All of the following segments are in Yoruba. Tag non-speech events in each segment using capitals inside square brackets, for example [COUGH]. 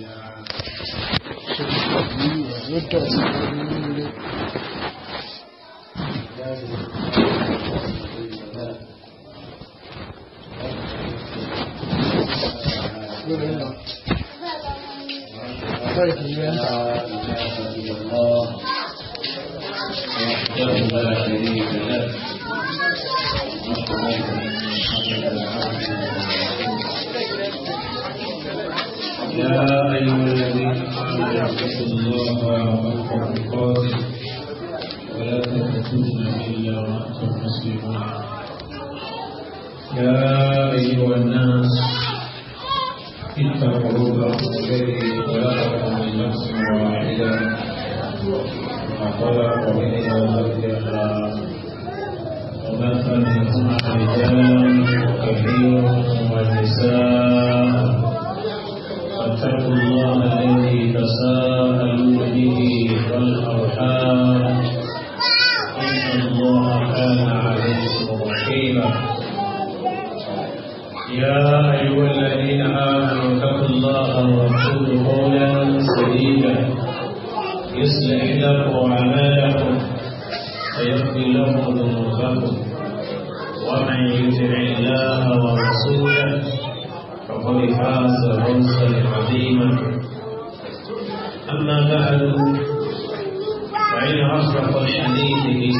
十块五，我这三五五的。来来来，过来一下。一百八十一。啊，再十元。啊。啊。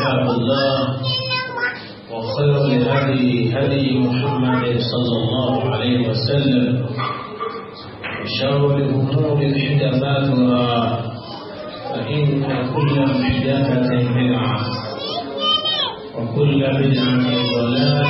كتاب الله وخير الهدي هدي محمد صلى الله عليه وسلم وشر الأمور محدثاتها فإن كل محدثة بدعة وكل بدعة ضلالة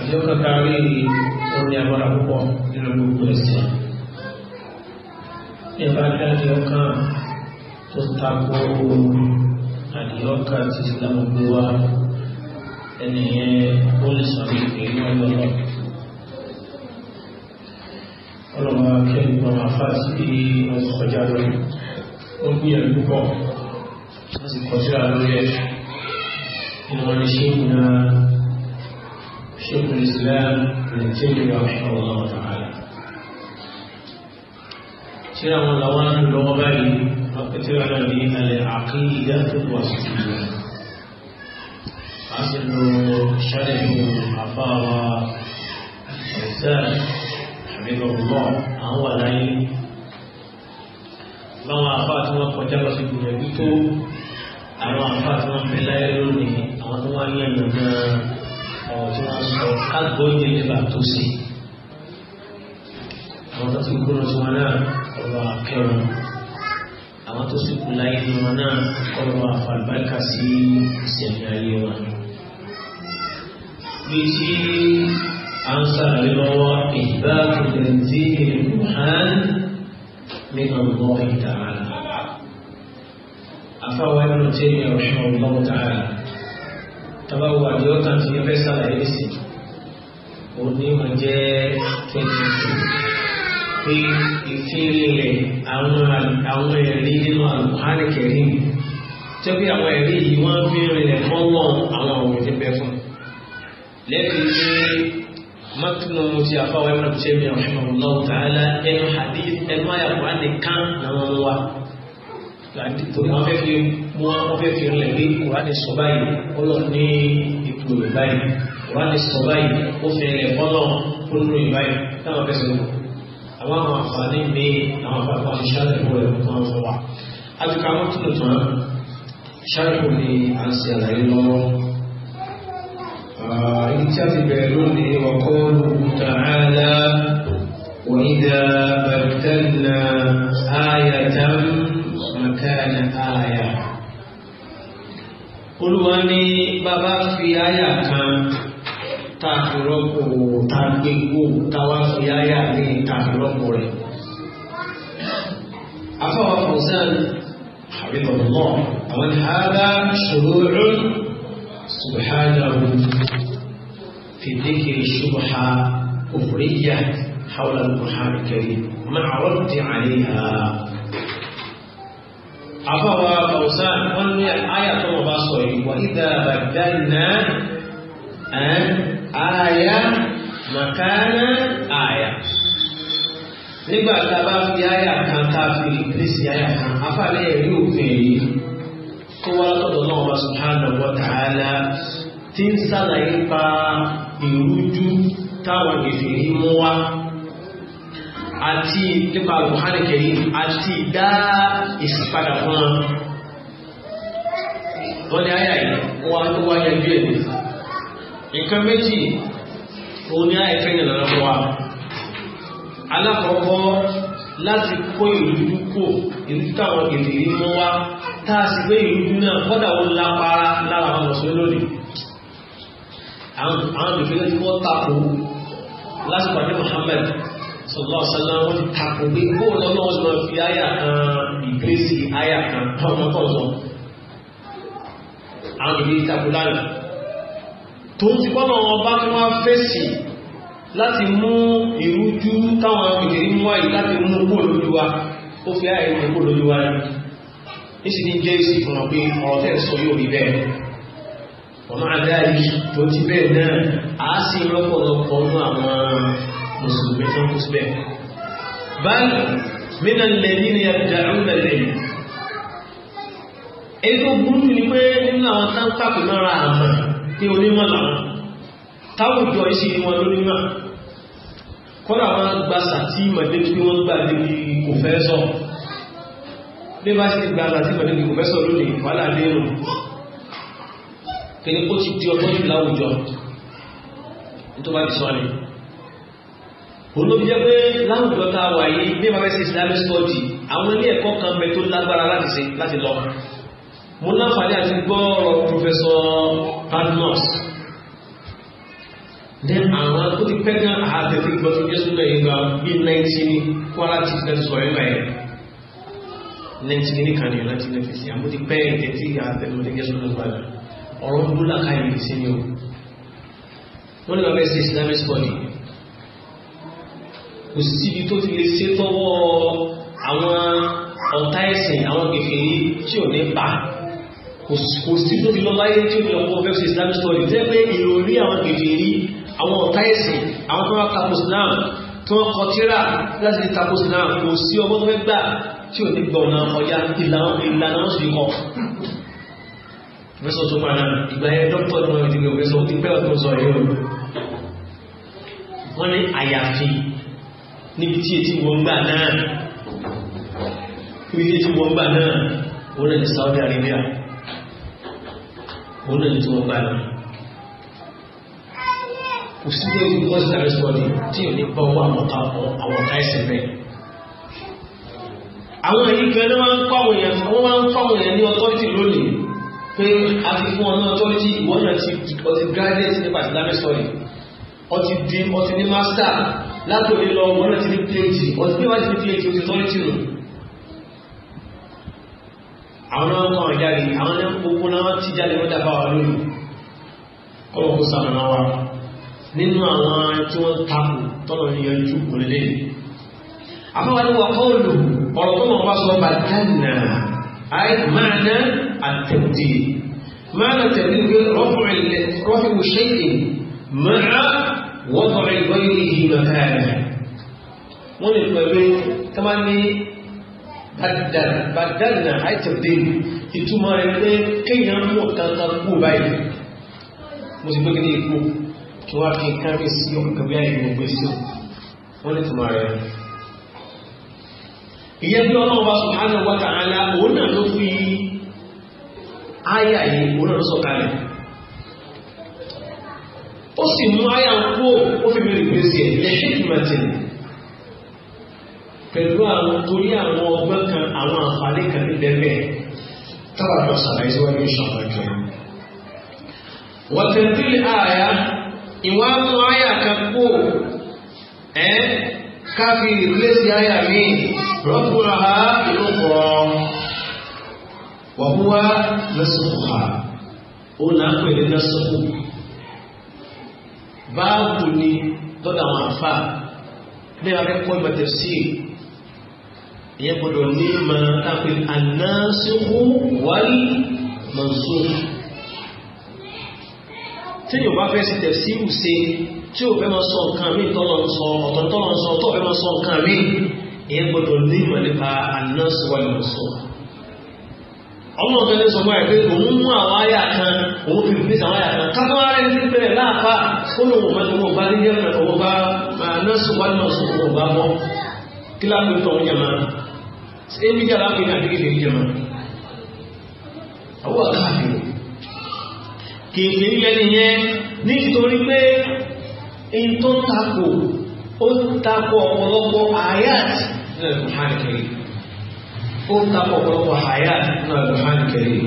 àti ọkọ̀ kárí orí agbára púpọ̀ nínú gbogbo ẹ̀sìn nípa dájú ọkàn tó tako àdìọ́kàn ti ìsìlámù gbé wá ẹnìyẹn ó lè sọ̀rọ̀ ìpínlẹ̀ ọlọ́rọ̀ ọlọ́run akẹ́kọ̀ọ́ afá sí ọ̀sán kọjá lórí ó gbìyànjú púpọ̀ láti kọjá lórí ẹ̀ inú wọn ni ṣé ìgbìyànjú شيخ الإسلام ابن تيمية رحمه الله تعالى ترى ملوان اللغبي وكتبنا بين العقيدة الوصفية أصل شرح حفاظة الإنسان حفظه الله أولا báwọn afá tí wọ́n kọjá lọ sí gbìyànjú tó àwọn afá tí wọ́n fi lónìí àwọn tó wá ní ẹ̀nà náà ọ̀rọ̀ tí wọ́n sọ kágbó ní ẹlẹ́bà tó ṣe àwọn tó ti gbóná tí wọn náà ọ̀rọ̀ àkẹrùn àwọn tó sì kú láyé ní wọn náà ọ̀rọ̀ àfàlùbáríkà sí ìṣẹ̀mí ayé wọn. bí tí a ń sàlàyé lọ́wọ́ ìgbà kìlẹ̀ tí ìrùhán ní ọ̀gbọ́n ìdára. afáwọn ẹnu tí ìrùhán ọ̀gbọ́n ìdára tàbá wo àdìọ́kàn tí ẹ fẹ́ sàlàyé sí òun ní mọ̀ jẹ́ twenty two pé ìfìrìnlẹ̀ àwọn ẹ̀rí nínú àlùkùránì kẹrin tó bí àwọn ẹ̀rí yìí wọ́n fi rìnlẹ̀ fún wọn àwọn òun ti bẹ fún lẹ́yìn tí mọ́túnú ti àfáwọn ẹ̀mọ́ tẹ́mi ọ̀hún ọ̀hún lọ́wọ́ tààlà ẹnu àdí ẹnu àyàkùránì kan làwọn wà torí wọ́n fẹ́ fi wọ́n fẹ́ fi rìn lé kùránì sọ báyìí ó lọ ní ipò rẹ̀ báyìí kùránì sọ báyìí ó fẹ́ rẹ̀ fọ́nà ó nù ìbáyìí táwọn fẹ́ sọ àwọn àwọn àǹfààní mi àwọn àpapọ̀ àti ṣáàlùkù rẹ̀ tó ń fọwà. àtùkà wọn tún lò tán ṣáàlùkù ni à ń ṣe àlàyé lọ́wọ́. Ah, èyí tí a ti bẹ̀rẹ̀ lónìí ọkọ̀ ta'ala wa idha badalna ayatan kana àyà olúwa ní bàbá fi àyà kan tàfìrọ́pò tàgbégbò táwa fi àyà ní tàfìrọ́pò rẹ̀ afọwọ́ fọ̀sán àbíkọ̀lọ́ àwọn ìhàdá ṣòro سبحانه في ذكر الشبهة كفرية حول القرآن الكريم مع رد عليها àbáwá ọ̀sá wọ́n ní àyà tó wọ́n bá sọ yìí wà ìdá àbàdánà àyà màkánà àyà nígbà tá a bá fi àyà kan tá fi ìpèsè àyà kan afálẹ̀ ẹ̀rí òfin yìí tó wá lọ́dọ̀ náà wọ́n subhanahu wa ta'ala tí ń sàlàyé pa ìrújú táwọn ìfìrí mú wá àti nípa buhari kẹrin àti dá ìsìpadà fún wọn wọ́n ní àyà yìí wọ́n tó wáyé bí ẹ̀mí nǹkan méjì òun ní àyà ìfẹ́ ìrìnà lọ́wọ́ wa alákọ̀ọ́kọ́ láti kó ìrújú kò ìrújú táwọn ìrìnrì mọ́ wá táà sì pé ìrújú náà kọ́dà ó lápára lára àwọn mùsùlùmí lónìí àwọn ìfẹ́ tí wọ́n tako lásìkò àti Muhammad sọlọ́ sọlá wọ́n ti tako pé bóun náà wọ́n ti máa fi àyà kan ìgbésí àyà kan tọ́tọ́tọ́tọ́ àwọn ìdílé tako lánàá tó ń ti kọ́nà wọn bá tún wá fèsì láti mú ìrújú táwọn ìdílé ń wáyé láti mú kó lójú wa ó fi àyà ìrújú kó lójú wa níṣì ní jẹ́ ìsìn fún wọn pé ọ̀rọ̀ tẹ̀ sọ yóò rí bẹ́ẹ̀ ọ̀nà àdáyé tó ti bẹ́ẹ̀ náà àá sì rọ́pọ̀lọpọ̀ nú àwọn mùsùlùmí tó kú síbẹ̀ báyìí mínà lẹ́ni ni àdàrú lẹ́lẹ́ èyí tó burú ni pé nínú àwọn táńtàkù náà àmà ní onímọ̀ làwọn táwùjọ ìṣe ni wọn lónímọ̀ kọ́nà àwọn gbàsà tí mọ̀lẹ́bí tí wọ́n gbà débi kò fẹ́ sọ bí bá sì gbàsà tí mọ̀lẹ́bí kò fẹ́ sọ lónìí wàhálà lérò kí ni ó ti di ọgbọ́n ìlà àwùjọ nítorí bá ti sọ ni olóbìyẹ pé láwùjọ tá a wà yìí bí wọn fẹ́ ṣe islamic study àwọn ilé ẹ̀kọ́ kan bẹ tó lágbára láti ṣe láti lọ mo láǹfààní àti gbọ́ ọ̀rọ̀ professor Badmus ní àwọn tó ti pẹ́ gan àtẹ̀tẹ̀ gbọ́ tó jésù náà ìgbà bíi nineteen kwara ti fẹ́ sọ ẹ̀ báyìí nineteen kan ní nineteen ninety six àmọ́ ti pẹ́ ìtẹ̀tẹ̀ àtẹ̀tẹ̀ tó jésù náà gbàgbà ọ̀rọ̀ ń dúró làkàyè sí ni o wọ́n ní wọn fẹ́ ṣe islamic study kò síbi tó ti lè ṣe tọ́wọ́ àwọn ọ̀tá ẹ̀sìn àwọn kèfèrí tí ò ní pa kò sí tó fi lọ láyé tí ò ní ọkọ̀ fẹ́ sí Islamic study jẹ́ pé ìròrí àwọn kèfèrí àwọn ọ̀tá ẹ̀sìn àwọn tó wá tako Islam tó wọ́n kọ tíra láti tako Islam kò sí ọmọ fẹ́ gbà tí ò ní gbọ̀nà ọjà ìlànà wọn sì kọ mẹ́sàn tó máa náà ìgbà ẹ̀ dọ́pọ̀ ìmọ̀ ìdílé òfẹ́sọ̀ ó ti pẹ́ ọ̀tún sọ yìí wọ́n ní àyàfi níbi tí ètí wọ́n gbà náà níbi tí ètí wọ́n gbà náà wọ́n rẹ̀ ní Saudi Arabia wọ́n rẹ̀ ní tí wọ́n gbà náà kò sí ní ojú wọ́n sì rẹ̀ tí ò ní bá wà mọ́ta àwọn ọ̀tá ẹ̀sìn àwọn èyí kan ní wọ́n ń pàwọn èèyàn wọ́n máa ń pàwọn èèyàn ní ọtọ́rìtì lónìí pé a ti fún ọ ní ọtọ́rìtì ìwọ́n náà ti ọtí graduate nípa Islamic ọtí di ọtí ní master látòlé lọ wọn náà ti ní phd ọtí bí wọn ti ní phd ó ti tọ́ létí nù. àwọn náà kọ́ àwọn jáde àwọn náà gbogbo náà ti jáde wọ́n dábàá wa lónìí kọ́wọ́ kó sàmì náà wá nínú àwọn tí wọ́n takò tọ́lọ̀ ní yanjú òlélẹ́ àfọwọ́dé wà kọ́ọ̀lù ọ̀rọ̀ tó wọ́n bá sọ bàtánà àì máa ná àtẹ̀dì máa ná tẹ̀dì pé rọ́fù ṣẹ́yìn máa وضع غيره مكانه wọ́n lè pẹ̀lú tó máa ní bàdánà àìtẹ̀dé ìtumọ̀ rẹ̀ pé kéèyàn mọ̀ kankan kú báyìí mo ti gbé ní ikú kí wọ́n fi kán rí sí ọkùnkàn bí i gbogbo sí wọ́n ó sì mú àyà kú ó fi bèrè gbèsè lẹ́ṣẹ̀kìmọ̀tì pẹ̀lú àwọn torí àwọn ọgbọ́n kan àwọn àǹfààní kan ní bẹ́ẹ̀ tábà lọ sàlàyé síwájú ìṣàlàyé kan. wọ́tẹ̀ntìlì àyà ìwà mú àyà kan kú ẹ́ káfí ìrìlẹ́sì àyà mi rọ́pùrọ̀ ha ìlú kọ̀ wàhúwá lẹ́sùn kọ̀ ha ó nà ń pè ní lẹ́sùn kọ̀ báàbù ni lọ́dọ̀ àwọn àfà bí a kọ́ ìmọ̀ tẹ̀sí ìyẹn gbọ́dọ̀ ní ma káfí ànásíkú wáyé mọ̀nsúrù tí yóò bá fẹ́ sí tẹ̀sí ìwùsẹ̀ tí ò fẹ́ máa sọ nǹkan mí tọ́lọ̀ ń sọ ọ̀tọ̀ tọ́lọ̀ ń sọ tọ́ fẹ́ máa sọ nǹkan mí ìyẹn gbọ́dọ̀ ní ìmọ̀ nípa ànásíkú wáyé mọ̀nsúrù àwọn ọ̀gá ní sọmọ ẹ̀ pé òun mú àwọn àyà kan òun fi fèsì àwọn àyà kan kátó wá rẹ̀ ní bẹ̀rẹ̀ láàpá ó lóun ọmọ tó wọn bá ní yẹn mẹ́rin ọwọ́ bá nọ́ọ̀sì wá nọ́ọ̀sì wọn bá bọ́ kí láàpẹ̀ tó wọn jẹ̀mọ́ ẹni jẹ́ láàpẹ̀ ní àdéhìí lè jẹ̀mọ́ àwọn àkáàfì kèké yẹni yẹn nítorí pé ẹni tó takò ó takò ọ̀pọ̀lọpọ̀ àyà àti ẹ̀rọ ó ń takọ̀ ọ̀pọ̀lọpọ̀ àyà nínú àlùfáàní kẹrì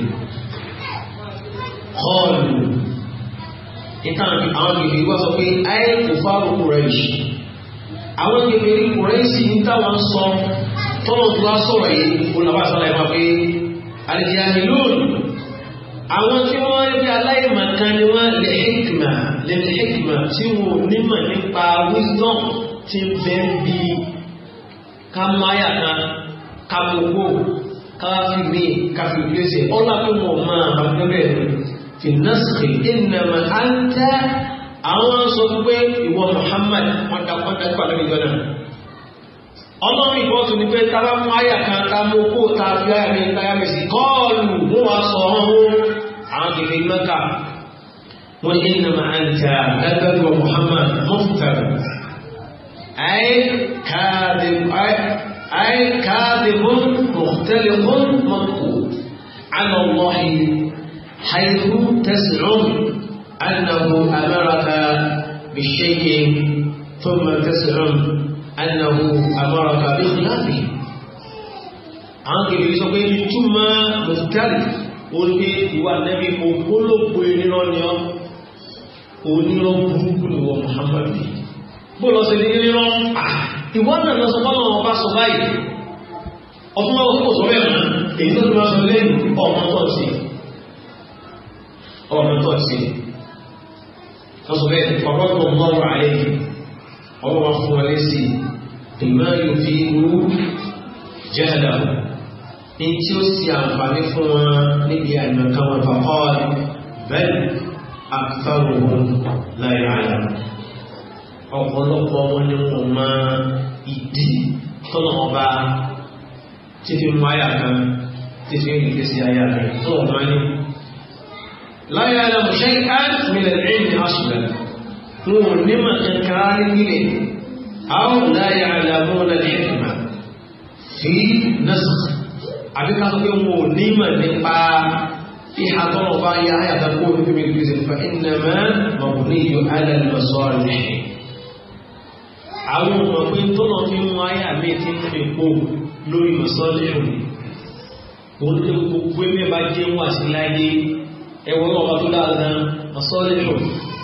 kọ́ọ̀lù níta àwọn bèbè wá sọ pé ayé kò fáwọn kùrẹ́ṣì àwọn bèbè kùrẹ́ṣì ń táwọn sọ tọ́lọ̀ tó wá sọ̀rọ̀ yìí olùwà sọ̀rọ̀ yìí wá pé àlìjáde lónìí àwọn tí wọ́n rí bí aláìmọ̀kan ni wọ́n wisdom ti bẹ́ẹ̀ bí ká kakoko káfíìmì káfíìmì ṣe ọlá tó mọ̀ máa àbájọ́bẹ̀ fìnnásìkì ìnàmà á ń tẹ́ àwọn sọ pé ìwọ Muhammad wọn dákọ́dá pàdé ìjọ náà ọlọ́run ìbọn tún ni pé tábà mú àyà kan tá mú kó tá fi àyà mi tá yà mi sí kọ́ọ̀lù mú wa sọ ọ́n àwọn kìfì mẹ́ta wọ́n ní ìnàmà á ń tẹ́ Muhammad mọ́fútàrù ayé káàdé أي كاذب مختلق منقوط على الله حيث تزعم أنه أمرك بالشيء ثم تزعم أنه أمرك بخلافه àwọn kìbìrì sọ pé túmọ̀ mùsùlùmí orí ìwà nẹ́bí ògbólógbò ìrìnà ni ọ́ onírọ̀ burúkú ni wọ́n Muhammadu bó lọ sí ní ìrìnà ìwọ́n náà lọ sọ fọ́nà ọba sọ báyìí ọdún wọn kò sọ mẹ́rin èyí tó lọ sọ lẹ́yìn ọmọ tó ń ṣe ọmọ tó ń ṣe wọ́n sọ bẹ́ẹ̀ ọ̀rọ̀ tó ń lọ́rọ̀ ààrẹ yìí ọmọ wa fún wọn lẹ́sí ìmọ̀ yóò fi irú jẹ́ẹ̀dà ní tí ó sì àǹfààní fún wọn níbi àìmọ̀kan wọn fàkọ́ bẹ́ẹ̀ àkàrò láyé àyàmù ọ̀pọ̀lọpọ̀ wọn ni kò mọ ìdí tọ́nà ọba títí mú àyà kan títí ìgbé sí àyà rẹ̀ tó ọ̀nà ní. láyé ara mọ̀ṣẹ́ àtìmílẹ̀ ẹ̀yìn aṣùgbà wọn ò ní mọ̀ kankan rí nílẹ̀ àwọn láyé ara mọ́nà ẹ̀kìmà fi nẹ́sọ̀tì àbíká tó pé wọn ò ní mọ̀ nípa ìhàtọ́nà ọba yá àyà kan kó o ní fi mi gbèsè fa ìnàmẹ́ mọ̀kùnrin yóò hálẹ̀ lọ́sọ̀rọ̀ nìyẹn àwọn ọmọ pé tọ́nà fi mú àyà mi ti ń fi po lórí mọ̀sọ́lẹ̀ ẹ̀rù òun ló gbogbo ẹgbẹ́ bá jẹ́ wà sí láyé ẹ̀wọ̀n náà bá tó dáadáa mọ̀sọ́lẹ̀ ẹ̀rù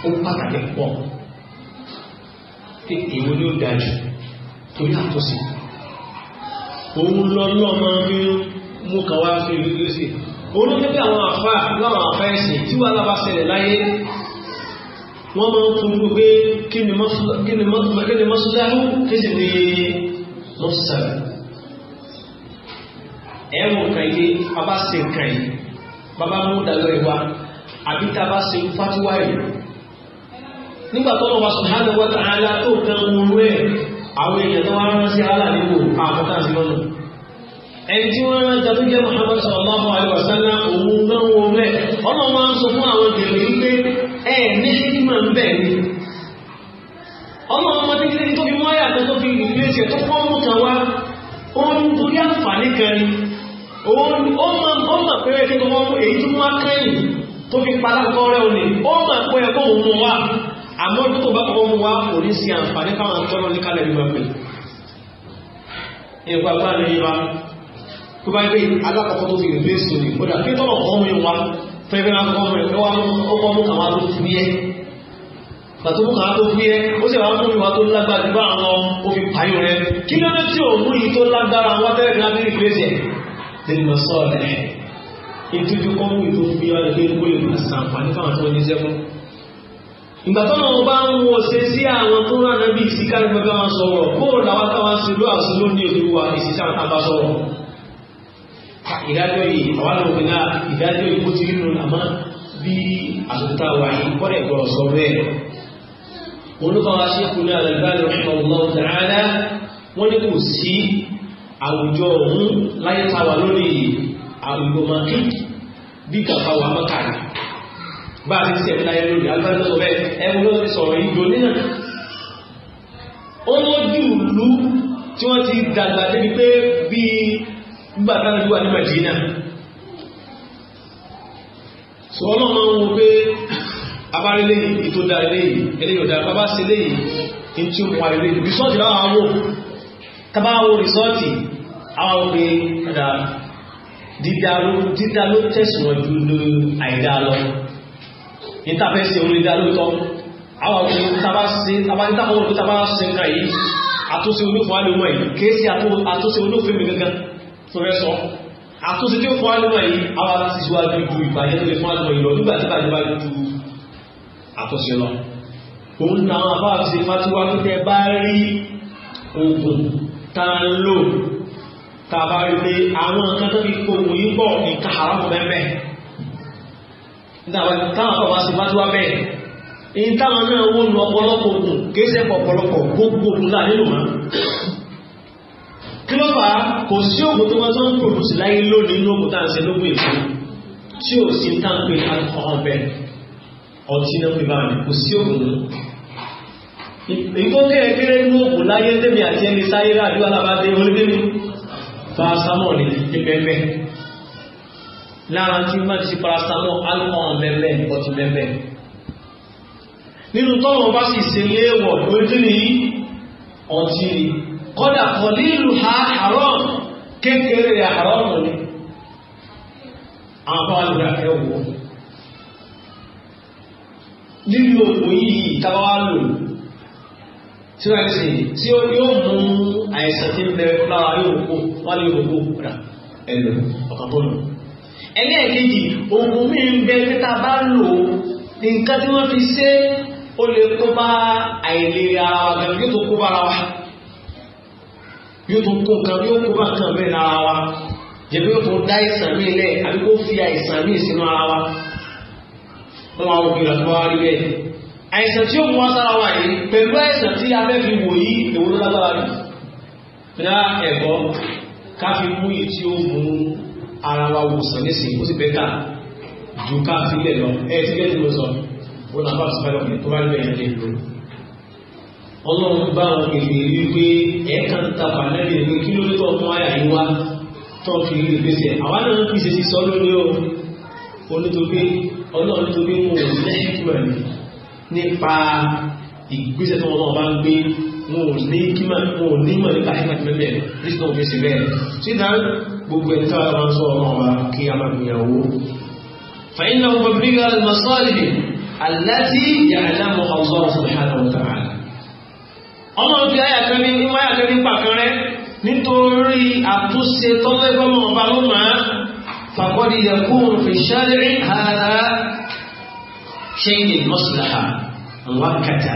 ó pàtàkì pọ̀ pé èwo ni ó ga jù torí àtúnṣe òun lọ lọ́mọ bí mú kàn wá fi rí rí sí òun ló jẹ́ pé àwọn àfáà láwọn àfáà ẹ̀sìn tí wàá lábàṣẹlẹ̀ láyé wọ́n máa ń tún gbogbo kí ni mọ́síláhù kí sì ni mọ́síláhù ẹ̀rùn kan yé bàbá ṣe nǹkan yìí bàbá mú dàgbọ́ ìwà àbí tá a bá ṣe fátíwá yìí nígbà tó lọ́wọ́ subhanahu wa ta'ala tó kan wúrú ẹ̀ àwọn èèyàn tó wá rán sí ara nínú àkọ́tà sí tiẹ̀ tó fọ́n mú kan wá ó ń torí àǹfààní kan ni ó mọ̀ pé kí wọ́n mú èyí tó wá kẹ́yìn tó fi palákọ́ rẹ̀ òní ó mọ̀ pé ẹ̀kọ́ òun mú wá àmọ́ tó bá kọ́ mú wá kò ní sí àǹfààní káwọn àtọ́rọ̀ ní kálẹ̀ ìgbà pé ẹ̀kọ́ àgbà ní ìbá tó bá gbé alákọ̀ọ́kọ́ tó fi rèé sóni kódà pé tọ́lọ̀ kọ́ mú wa fẹ́ẹ́ fẹ́ẹ́ máa kọ́ mú ẹ̀ pàtó mú kàá tó fúyẹ́ ó sì wàá múmi wàá tó lágbára nígbà àwọn òfin pààyàn rẹ kí ló dé tí ò mú yìí tó lágbára wá tẹ́lẹ̀ ní abẹ́rẹ́ ìgbésẹ̀ lẹ́nu lọ sọ rẹ̀ ìtújú kọ́ mú ìtò fúyẹ́ wá lè kó lè máa sàǹfààní fáwọn tó ní sẹ́fún. ìgbà tó náà bá ń wo ṣe sí àwọn tó rán nábì ìsìkárí gbẹgbẹ wọn sọ̀rọ̀ kó làwọn táwọn ṣe ló àṣù ló ní òdu wa ìsìkárí tá a bá sọ̀rọ̀ ìdájọ́ yìí àwọn àwọn òfin náà ìdájọ́ yìí kó ti rí nù àmọ́ bí àtúntà wáyé kọ́lẹ̀ wọn ló fọwọ́ ṣékùn ní Al-Albani rahimahullahu ta'ala wọ́n ní kò sí àwùjọ ọ̀hún láyé táwa lórí àwùjọ màkì bí kàfà wà mọ́kà ní bá a ti ṣe ẹ̀mí láyé lórí Al-Albani lọ́sọ̀ bẹ́ẹ̀ ẹ̀wọ̀n ló ti sọ̀rọ̀ ìjọ nínà ó lójú ìlú tí wọ́n ti abárí léyìí ètò dáa léyìí eléyìí ọ̀dà bàbá sí léyìí ní tí ó mú ayé léyìí rìsọ́ọ̀tì láwọn awò tábà wo rìsọ́ọ̀tì àwọn òbí ọ̀dà dídá ló tẹ̀sùn ju ló àìdá lọ ní tàbẹ́ sí orí dá lóòótọ́ àwọn òbí tábà sí tábà ní tábà òbí tábà sí nǹkan yìí àtúnṣe olófin alùmọ̀ yìí kìí sí àtúnṣe olófin mi gangan tó fẹ́ sọ àtúnṣe àtúnṣe lọ òun táwọn àbá àti fatiwa pípẹ́ bá rí oògùn tá a ń lò tá a bá rí pé àwọn nǹkan tó fi kóògùn yìí bọ̀ nǹkan àràmù bẹ́ẹ̀ táwọn àbá àti fatiwa bẹ́ẹ̀ èyí táwọn náà wọ́n lu ọ̀pọ̀lọpọ̀ oògùn kì í ṣe ọ̀pọ̀lọpọ̀ gbogbo oògùn náà nínú wọn kí ló fà á kò sí oògùn tó wọ́n tó ń pòlùsì láyé lónìí ní oògùn tá à ń ṣe lóògùn èkó tí ò sí ń tàn pé alcohol ọtí náà fi máa kò sí òkùnrin èyí tó kéré kéré ní òkùn láyé tẹ́mi àti ẹni sáyé rà ní alábàdé olóbẹ́mi paracetamol ní pẹ́pẹ́ lára tí má ti paracetamol alcohol mẹ́mẹ́ ọtí mẹ́mẹ́ nínú tọ́wọ́ bá sì ṣe léèwọ̀ lójú nìyí ọtí kọ́dà kọ́ nílùú ha haram kékeré haram ni àwọn alùpàá ẹ̀wọ̀ lílo òògùn yìí táwa wá lò tí wọ́n ti tí yóò mú àìsàn tí ń bẹ lára yóò kó wọ́n lè yóò kó rà ẹlò ọ̀kan tó lò. ẹlẹ́ẹ̀kejì òògùn mi ń bẹ pé tá a bá lò ó nǹkan tí wọ́n fi ṣe ó lè kó bá àìlera wa gan yóò tó kó bá ara wa yóò tó kó nǹkan yóò kó bá nǹkan bẹ́ẹ̀ lára wa jẹ̀bi yóò tó dá àìsàn mi lẹ̀ àbí kó fi àìsàn mi sínú ara wa wọn àwọn òbí ìrànlọ́wọ́ wá rí bẹ́ẹ̀ àìsàn tí ó mú wọn sára wà yìí pẹ̀lú àìsàn tí abẹ́ fi wò yí èwo ló lágbára rí fúnra ẹ̀kọ́ ká fi mú yìí tí ó mú ara wa wòsàn nísìnyí ó sì bẹ́ẹ̀ kà ju ká fi lẹ̀ lọ ẹ̀ tí kẹ́tì ló sọ wọn náà bá ti bá lọ́kùnrin tó bá rí bẹ́ẹ̀ lé ọlọ́run bá wọn èdè wípé ẹ̀ẹ̀kan tapà lẹ́yìn ìwé kí ló tó ọmọ ayà yìí wá tó fi rí ìgbésẹ̀ àwọn náà fi ṣe sí sọ lórí o onítorí ọlọ́run nítorí wọn ò ní ìkímọ̀ ní nípa ìgbésẹ̀ tó wọn bá ń gbé wọn ò ní ìkímọ̀ wọn ò ní mọ̀ nípa ìkímọ̀ tí mẹ́bẹ̀ẹ́ rí sínú òfin sí bẹ́ẹ̀ tí náà gbogbo ẹni táwọn máa ń sọ ọmọ ọba kí a máa gbìyànwó fàyínà ọgbà bírígà masọ́ọ̀lì aláti yàrá mọ ọ̀sọ́ subhanahu nítorí àtúnṣe tọ́lẹ́gbọ́mọ̀ ọba ló máa fàkọ́dí yẹkùn fi ṣáàlì ṣẹ́yìn mọ́sùláhà àwọn akẹ́ta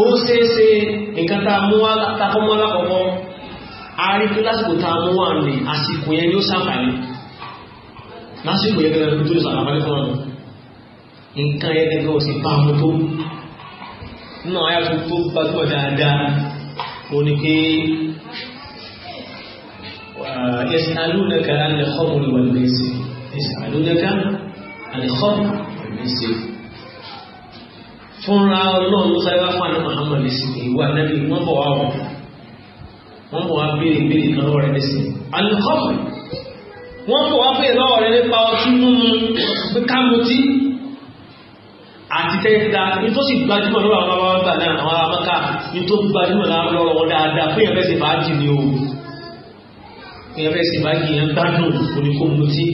ó ṣeéṣe nǹkan tá a mú wá takọ́mọ́ lákọ̀ọ́kọ́ àríkú lásìkò tá a mú wá ní àsìkò yẹn ni ó ṣàǹfààní lásìkò yẹn gẹ́gẹ́ tó ṣàǹfààní fún ọ̀nà nǹkan yẹn gẹ́gẹ́ òsì bá mo tó nínú àyà tó tó gbajúmọ̀ dáadáa ó ní pé يسألونك عن الخمر والميسر يسألونك عن الخمر ní ṣe fúnra ọlọ́run ló sáré wá fún àná Muhammad lẹ́sìn ìwà nẹ́bí wọ́n bọ̀ wá wọ̀ wọ́n bọ̀ wá béèrè béèrè kan lọ́wọ́ rẹ̀ lẹ́sìn alikọ́mù wọ́n bọ̀ wá béèrè lọ́wọ́ rẹ̀ nípa ọtí mímu pé ká mutí àti tẹ́ta nítorí sì gbajúmọ̀ lọ́wọ́ àwọn ọmọ ọgbà náà àwọn amáká nítorí gbajúmọ̀ lọ́wọ́ wọn dáadáa fún ìyẹn fẹ́sẹ̀ fàájì ni o ìyẹn fẹ́sẹ̀ fàájì yẹn gbádùn oníkóhun mutí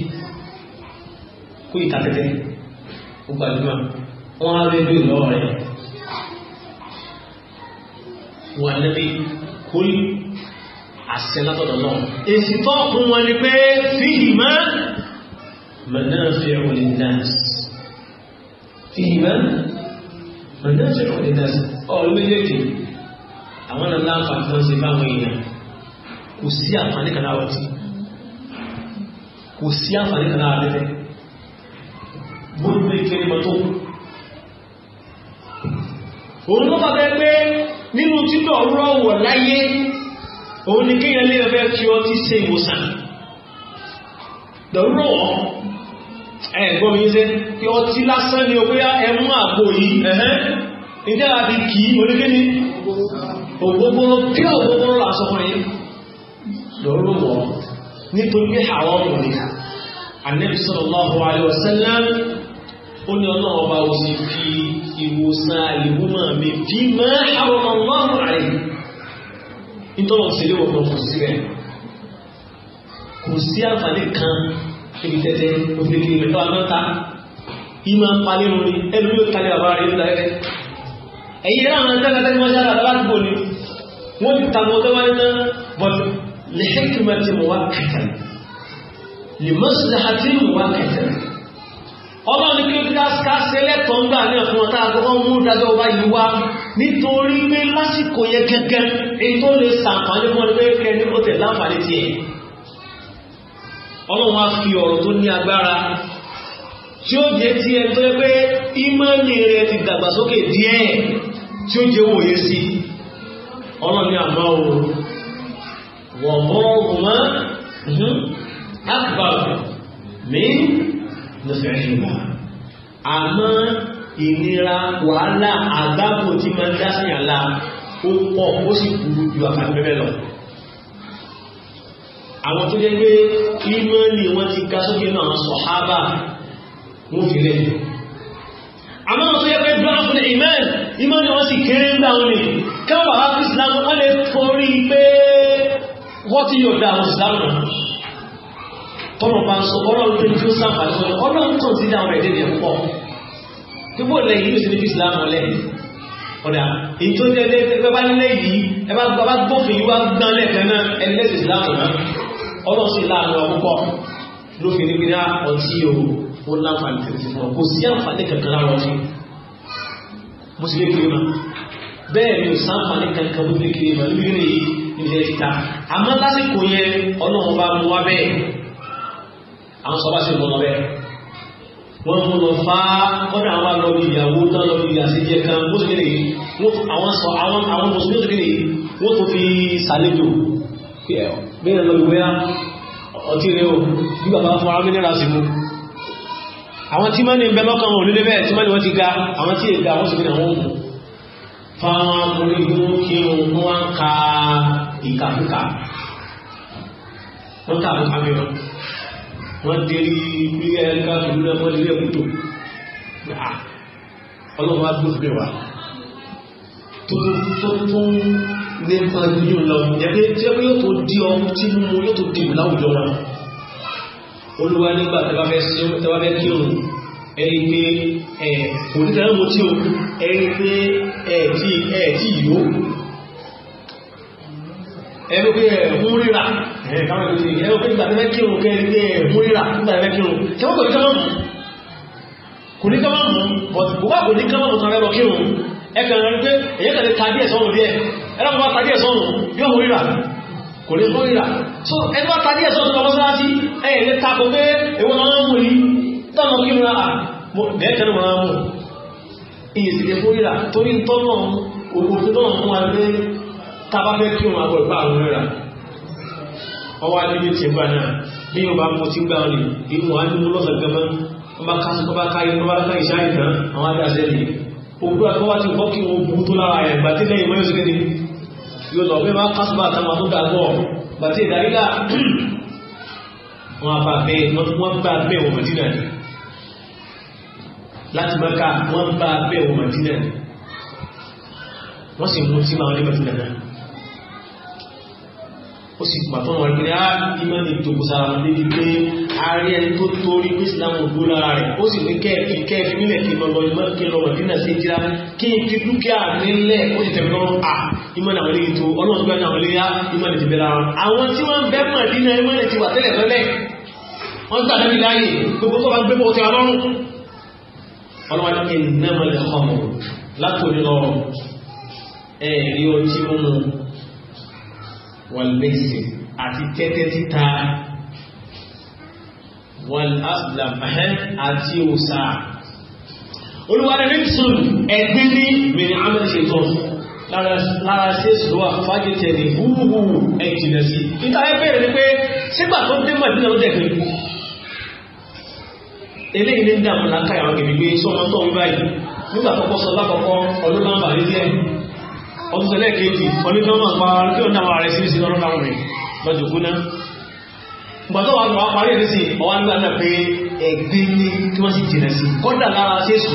kó ìta tẹ́tẹ́ ó gbajúmọ̀ wọ́n á rédíò lọ́wọ́ rẹ̀ wà níbi kúlì àṣẹ látọ̀dọ̀ náà èsì tó fún wọn ni pé fíhìmá manafi'u linnas fíhìmá manafi'u linnas ọ̀rọ̀ méjèèjì àwọn náà láǹfààní wọn ṣe báwọn èèyàn kò sí àǹfààní kan láwọ̀ tí kò sí àǹfààní kan láwọ̀ tẹ́tẹ́ gbogbo ìkẹrìmọ̀ tó kù òun ló bá bẹ́ẹ̀ pé nínú títọ̀ rọ́wọ̀ láyé òun ni kíyàn lè ọbẹ̀ kí ọ ti ṣe ìwòsàn lọ́rọ̀ ẹ̀gbọ́n mi ṣe kí ọ ti lásán ni ọgbé ẹmú àpò yìí ẹ̀hẹ́n ìjẹ́ àti kì í oníkẹ́ ni ògbógbóró kí ògbógbóró làásọ fún yìí lọ́rọ̀ nítorí àwọn ọmọ nìkan anẹ́bí sallallahu alaihi wasallam ó ní ọlọ́run ọba ò sì fi ìwòsàn àlìwúmọ̀ mi fi máa àwọn ọmọ ọlọ́run rẹ̀ nítorí òsì ilé wọn kò sí rẹ̀ kò sí àǹfààní kan níbi tẹ́tẹ́ òfìdíkì ìrẹ̀tọ́ àmọ́ta ìmọ̀ palẹ́nu ni ẹnu yóò tàbí àbára rẹ̀ nígbà rẹ̀ ẹ̀yìn rẹ̀ àwọn tẹ́lẹ̀tẹ́ ni wọ́n ṣára aládùúgbò ni wọ́n ti tàbí ọjọ́ wáyé náà but lẹ́hẹ́kìmọ̀ ti mọ̀ wá kẹtẹ̀ lè mọ́sílẹ̀ àti mọ̀ wá kẹtẹ̀ ọlọ́run kí ó ti ká sẹ́lẹ̀tọ̀ ń gbà náà fún ọ̀tá àgbọ́gbọ́ mú dájọ́ wá yìí wá nítorí pé lásìkò yẹ gẹ́gẹ́ èyí tó lè sàǹfààní fún ọdún pé ní ó tẹ̀ láǹfààní tiẹ̀ ọlọ́run wá fi ọ̀rọ̀ tó ní agbára tí ó jẹ́ tí ẹ tó yẹ pé ìmọ̀ni rẹ ti dàgbàsókè díẹ̀ tí ó jẹ́ wòye sí ọlọ́run ní àmọ́ o wọ̀n mọ́ ọ̀gbọ̀n akbar mi nùfẹ̀ẹ́rìmà àmọ́ ìnira wàhálà àgbábò tí máa ń dá sí àlá ó pọ̀ ó sì kúrú ju àfàgbẹ́bẹ́ lọ àwọn tó jẹ́ pé ìmọ̀ ni wọ́n ti ga sókè náà sọ̀hábà wọ́n fi lẹ̀ àmọ́ wọ́n tó yẹ pé dúró fún ìmọ̀ ìmọ̀ ni wọ́n sì kéré ń wọn ni kẹwàá islam wọ́n lè torí pé wọ́n ti yọ̀dá àwọn islam náà tọ́lọ̀ bá ń sọ ọlọ́run tó ní tó sàǹfààní sọ ọlọ́run tó ti dáhùn ẹ̀dẹ́ ní ẹ̀kọ́ gbogbo lẹ́yìn yóò ti ní bíi ìsìlámù lẹ́yìn ọ̀dà èyí tó jẹ́ ẹgbẹ́ bá nílẹ̀ yìí ẹ bá gbọ́ bá gbófin yìí wá gbọ́n lẹ́ẹ̀kan náà ẹni lẹ́sìn ìsìlámù náà ọlọ́run sì láàánú ọ ló fi ní pé á ah, ọtí o ó láǹfààní tẹ̀lé fún ọ kò sí àǹfààní kankan lára ọtí kiri ma bẹ́ẹ̀ ni ò sáǹfààní kankan kiri ma lórí rẹ̀ yìí ilẹ̀ ti ta àmọ́ lásìkò yẹn ọlọ́run bá mú wa bẹ́ẹ̀ àwọn sọ́bà sì mọ́ bẹ́ẹ̀ wọ́n mú lọ fá kọ́dà àwọn lọ bí ìyàwó tán lọ bí àṣejẹ kan bó sì kéde àwọn sọ àwọn àwọn mùsùlùmí sì kéde wọ́n tó fi sàlejò bẹ́ẹ̀ lọ ìwé ọtí rẹ o bí bàbá fún ara mínira sí mú àwọn tí mọ́ni bẹ lọ́kàn wọn olólé bẹ́ẹ̀ tí mọ́ni wọ́n ti ga àwọn tí èga wọ́n sì fi àwọn òmù fáwọn onígun kí wọn wọ́n ka ìkàkùkà wọ́n kà àbúkà mìíràn wọ́n dérí bí ẹ̀ka ìlú náà wọ́n dérí ẹ̀kútó ah, ọlọ́run wá gbé fúnbẹ̀ wá tó tó tó ní nǹkan ìgbìyànjú lọ ẹgbẹ́ tí ó yóò tó dí ọ tí mú yóò tó dìbò láwùjọ wọn olúwa nígbà tẹ́wà káwọn ìlú ti ẹwọ́ pé ìgbàtí mẹ́kírùn kẹrìnkẹ́ múrírà nígbàtí mẹ́kírùn tẹ́wọ́n kò ní kọ́mọ̀ mú kò ní kọ́mọ̀ mú but bó bá kò ní kọ́mọ̀ mú kan rẹ́bọ̀ kírùn ẹkàn rẹ̀ pé èyẹ́ kẹ̀lẹ̀ tàbí ẹ̀sọ́rùn díẹ̀ ẹlọ́pàá tàbí ẹ̀sọ́rùn yóò múrírà kò ní múrírà so ẹgbà tàbí ẹ̀sọ́rùn tó lọ́sọ́lá sí ẹ̀yẹ̀ lè takò pé èwo náà mú yí tọ́nà kírùn náà bẹ́ẹ̀kẹ́rù máa mú iye sì lè múrírà torí tọ́nà òkú tó náà mú wa pé tàbá fẹ́ kírùn àgbọ̀ ìgbà àrùn rírà ọwọ́ alébé tí ẹgbà náà ní ọba mú ti gbà rí inú wa ní mú lọ́sọ̀ gẹ́mọ́ ọba káyé ọba káyé sáyé tán àwọn adáṣẹ́ rí ogun àtọwà tí wọ́n kí wọn burú tó lára ẹ̀ gbàtí lẹ́yìn mọ́ yóò ṣe yóò lọ pé máa kásùbà táwọn tó dàgbọ́ gbàtí ìdarílà wọn bá bẹ ni láti mọ́ká wọn bá bẹ ni ó sì pàtó wọn pé á ah, ìmọ̀ ní ìjòkòsára wọn débi pé ààrẹ ẹni tó torí pé ìsìlámù gbó lára rẹ̀ ó sì ní kẹ́ẹ̀kì kẹ́ẹ̀fì nílẹ̀ kí n lọ ìmọ̀ kí n lọ wọ̀ dínà sí ìjìlá kí n fi dúkìá nílẹ̀ ó sì tẹ̀lé lọ́rùn à ah, ìmọ̀ ní àwọn eléyìí tó ọlọ́run tó bá ní àwọn eléyà ah, ìmọ̀ ní ti bẹ̀rẹ̀ ara àwọn tí wọ́n bẹ́ mọ̀ wàlmẹ́sì àti tẹ́tẹ́ títa wàlásìlámẹ́hẹ́ àti òsà olùwárẹ̀ rípsùn ẹgbẹ́ ní mẹ́rin amẹ́ṣẹ́tọ́ lára ṣe sùlọ́wà fàájẹ́tẹ̀ ní wúwú ẹ̀jìnà sí níta ẹgbẹ́rẹ̀ ní pé sígbà tó dé mọ̀ ìpínlẹ̀ ọjọ́ ìpín eléyìí ní dàmù lákàyà ọ̀gẹ̀gbẹ̀ sọ́mọ́tọ̀ wíwáyìí nígbà kọ́kọ́ sọ lákọ̀ọ́kọ́ ọdún nọ́mbà nílẹ̀ ọdún tẹ́lẹ̀ kejì onítọ́mọ̀ pa kí o náà rẹ̀ sí sí lọ́rọ̀ láwọn rẹ̀ lọ́jọ́ kúná gbọ́dọ̀ wà lọ́wọ́ parí ẹ̀ sí ọwá nígbà náà pé ẹgbẹ́ ní kí wọ́n sì jìnà sí kọ́dà lára sí èso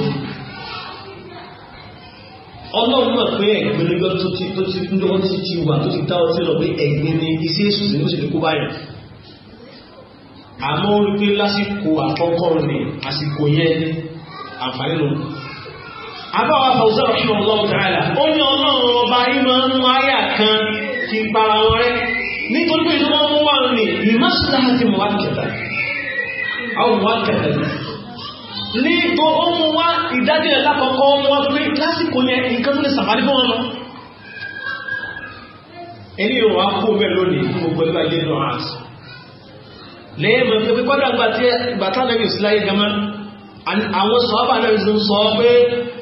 ọlọ́run mọ̀ pé ẹgbẹ́ lójọ́ tó ti tó ti ń lọ́wọ́ ti ti wà tó ti dá ọtí lọ pé ẹgbẹ́ ní iṣẹ́ èso ni ó sì lè kó báyìí àmọ́ orí pé lásìkò àkọ́kọ́ ni àsìkò yẹn àǹfààní lòun àbáwá fàúzẹ́ ọ̀ṣùn ọlọ́run tààlà ó ní ọlọ́run ọba ìmọ̀ ń mú àyà kan kí n para wọn rẹ nítorí pé ìjọba wọn ni ní àti mọ̀wá kẹta ní tó ó mú wá ìdájọ́ ẹ̀ lákọ̀ọ́kọ́ wọn pé lásìkò yẹn nǹkan tó lè fún ẹni wá kó bẹ́ẹ̀ lónìí gbogbo ẹgbẹ́ ajé lọ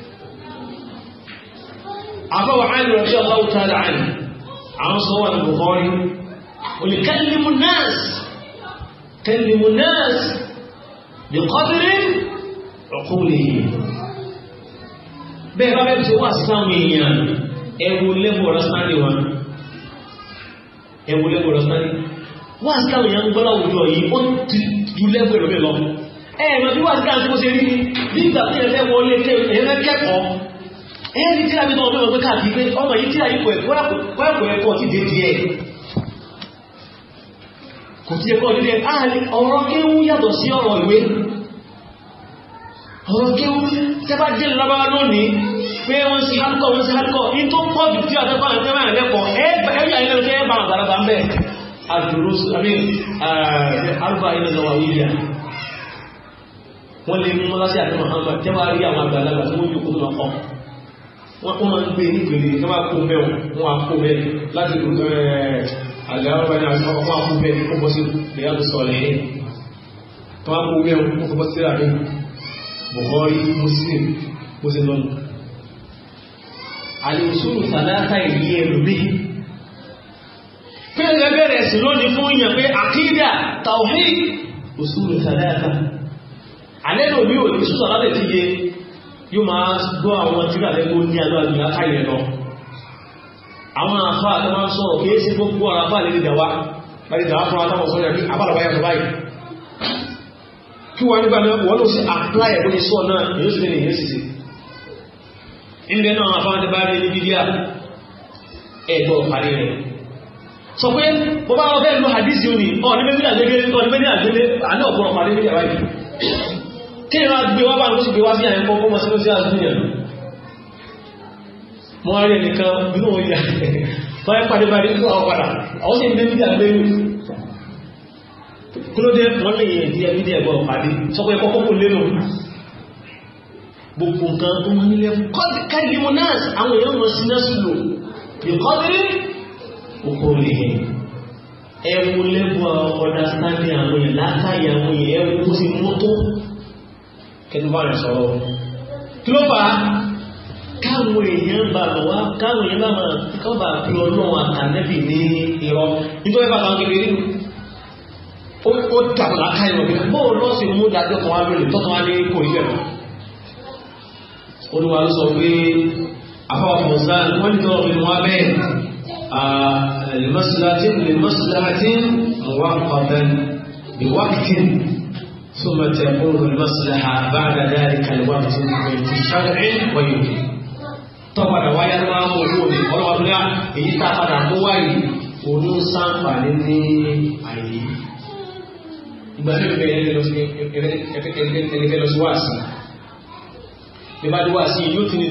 àfọwọ́ àìlú rẹ̀ ṣọ́lá ó tààdà àìlú àwọn sọ́wọ́ ní Bukhari olè kẹ́lìmù nẹ́ẹ̀sì kẹ́lìmù nẹ́ẹ̀sì lè kọ́dìrí ọkùnrin yìí bẹ́ẹ̀ bá bẹ́ẹ̀ tí ó wà sáwọn èèyàn ẹwù lẹ́bọ̀rọ̀ sáni wọn ẹwù lẹ́bọ̀rọ̀ sáni wà sáwọn èèyàn gbọ́dọ̀ òjò yìí ó ti ju lẹ́bọ̀rọ̀ bẹ́ẹ̀ lọ ẹ̀ẹ̀mọ̀ bí wà sáwọn tó ṣe rí nígbà tí ẹ̀fẹ́ wọlé ẹ̀fẹ́ kẹ́kọ̀ọ́ ẹ̀yẹ́ ti tíra gbẹ́tọ̀ ọdún ọgbẹ́ káàkiri pé ọmọ yìí tíra yípo ẹ̀kọ́ ẹ̀kọ́ ti dédé ẹ̀ kò tí ẹkọ́ dédé ààrin ah, ọ̀rọ̀ kéwú yàtọ̀ sí ọ̀rọ̀ ìwé ọ̀rọ̀ kéwú tẹ́bá jẹ́ lábára lónìí pé wọ́n sí hardcore wọ́n sí hardcore in tó wọ́n kọ́ máa ń gbé nígbèrè tó bá kó mẹ́wọ̀n wọ́n á kó mẹ́rin láti lò tó àgbàrá wọ́n á kó mẹ́rin kó bọ́ sí ìyá tó sọ̀rọ̀ yẹn tó bá kó mẹ́wọ̀n kó bọ́ sí ìyá rẹ̀ Bukhari Muslim bó ṣe lọ́nà. àlùsùrù sàdáta ìlú ẹ̀rù bí pé ẹgbẹ́ bẹ̀rẹ̀ sí lónìí fún ìyàn pé àkídà tàwí òsùrù sàdáta àlẹ́ lòmí ò ní yóò máa gbọ́ àwọn tíra lẹ́gbọ́ ní agbára jù látàrí rẹ̀ lọ àwọn afá àti máa ń sọ̀rọ̀ kí é sí gbogbo ara bá lè dàwà láti dàwà fún àwọn ọ̀sán yàrí àbálàbáyà tó báyìí kí wọ́n nígbà náà wọ́n ló sì apply ẹ̀kọ́ ìṣọ́ náà èyí sì ní èyí sì sí ilẹ̀ náà afá àti báyìí ní bíbí ẹgbọ́ parí rẹ̀ sọ pé bọ́bá ọbẹ̀ lọ hadith yóò ní ọ̀ ní méjìlá gbẹ́gbẹ́ ọ̀ ní méjìlá gbẹ́gbẹ́ àná ọ̀pọ̀lọpọ̀ tí ìrìn àgbé wá bá ló sì gbé wá sí àyẹ̀ kọ́kọ́ mọ́ sí ló sí àgbéyàn mọ́ rí ẹnìkan inú òyà wọ́n yẹ pàdé bàdé tó àwọn padà àwọn sì ń bẹ́ mídíà lé kí ló dé wọ́n lè yẹ díẹ̀ mídíà ẹ̀gbọ́n pàdé sọ pé kọ́kọ́ kò lérò gbogbo nǹkan tó máa nílẹ̀ fún kọ́dí mo náà àwọn èèyàn wọn sí náà sí lò ìkọ́dí òkò lè ẹ̀wù lẹ́gbọ̀n understanding àwọn èèyàn látàyè kẹnu bá rẹ̀ sọ̀rọ̀ kí ló fà á káwọn èèyàn bá lọ wá káwọn èèyàn bá mọ̀ káwọn bá fi ọlọ́run àtànẹ́bì ní irọ́ nítorí bá wọn kékeré nù ó dàbọ̀ láká ìrọ̀ bí bóun lọ́ sí mú dájọ́ kan wá lónìí tọ́kan wá ní kò rí bẹ̀rẹ̀ olùwà ló sọ pé afọwọ́ fọ̀nsá wọ́n ní tọ́wọ́ fi wá bẹ́ẹ̀ lèmọ́sílá tí lèmọ́sílá tí wọ́n kọ̀ bẹ́ẹ̀ ثم تكون المصلحة بعد ذلك الوقت في الشرع ويمكن tọ́padà wáyé ló máa ń mú olúwo ní ọlọ́wọ́ tó dá èyí tá a padà mú wáyé òun sáǹfààní ní àyè ìgbà tó bẹ̀rẹ̀ ẹgbẹ́ lọ sí wáàsí ní bá dé wáàsí yóò ti ní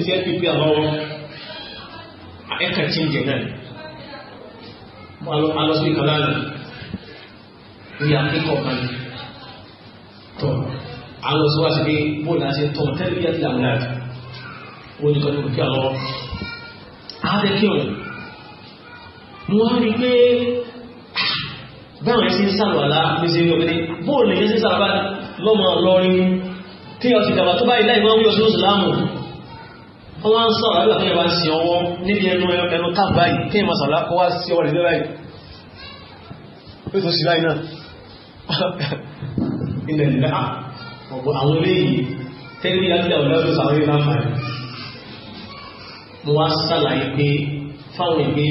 tí fpp tọ̀ àwọn oṣù wáṣí pé bó náà ṣe tọ̀ tẹ́lẹ̀ yẹ́ ti àwọn àjò wọ́n ní kọ́ni kò kí ọ lọ́wọ́ àádẹ́ kí ọ̀rọ̀ wọ́n rí pé báwọn ẹ̀sìn sàlùwàlá gbèsè rí ọ̀gbẹ́ni bóòlù ẹ̀sìn sàlùwàlá lọ́mọ lọ́rin tí ọ ti dàbà tó báyìí láì máa ń yọ sí oṣù láàmù wọ́n wá ilẹ̀ ìlà ọ̀gbọ̀n àwọn eléyìí tẹ́lẹ̀ yàtọ̀ ọ̀lẹ́rù sàwọ́yé láǹfààní mo wá sàlàyé pé fáwọn ìgbé